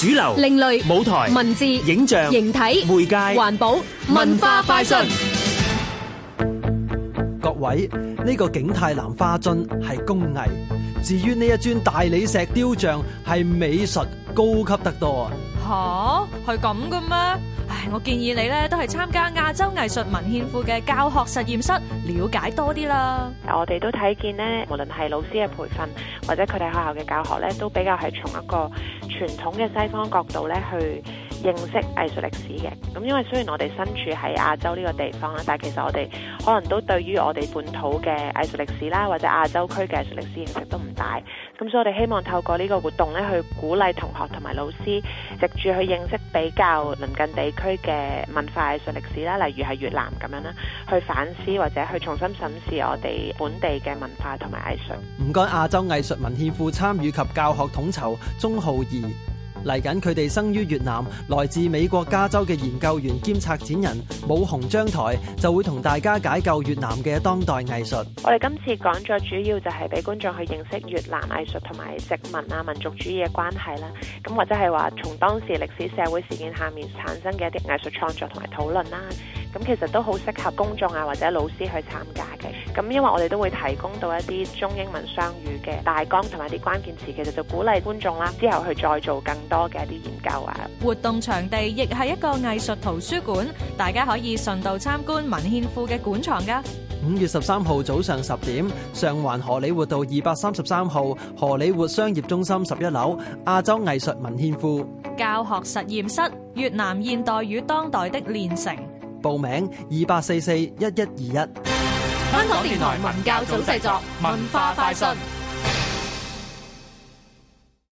主流、另類舞台、文字、影像、形體、媒介、環保、文化、快訊。位、這、呢個景泰藍花樽係工藝，至於呢一尊大理石雕像係美術高級得多啊！吓，係咁嘅咩？唉，我建議你咧都係參加亞洲藝術文獻庫嘅教學實驗室，了解多啲啦。我哋都睇見咧，無論係老師嘅培訓或者佢哋學校嘅教學咧，都比較係從一個傳統嘅西方角度咧去。認識藝術歷史嘅，咁因為雖然我哋身處喺亞洲呢個地方啦，但係其實我哋可能都對於我哋本土嘅藝術歷史啦，或者亞洲區嘅藝術歷史認識都唔大。咁所以，我哋希望透過呢個活動咧，去鼓勵同學同埋老師，藉住去認識比較鄰近地區嘅文化藝術歷史啦，例如係越南咁樣啦，去反思或者去重新審視我哋本地嘅文化同埋藝術。唔該，亞洲藝術文獻庫參與及教學統籌鐘浩儀。嚟緊，佢哋生於越南，來自美國加州嘅研究員兼策展人武紅章台，就會同大家解救越南嘅當代藝術。我哋今次講座主要就係俾觀眾去認識越南藝術同埋殖民啊民族主義嘅關係啦，咁或者係話從當時歷史社會事件下面產生嘅一啲藝術創作同埋討論啦。咁其實都好適合公眾啊，或者老師去參加嘅。咁因為我哋都會提供到一啲中英文雙語嘅大綱同埋啲關鍵詞，其實就鼓勵觀眾啦，之後去再做更多嘅一啲研究啊。活動場地亦係一個藝術圖書館，大家可以順道參觀文獻庫嘅館藏噶。五月十三號早上十點，上環荷里活道二百三十三號，荷里活商業中心十一樓，亞洲藝術文獻庫。教學實驗室越南現代與當代的練成。報名二八四四一一二一。香港電台文教組製作，文化快訊。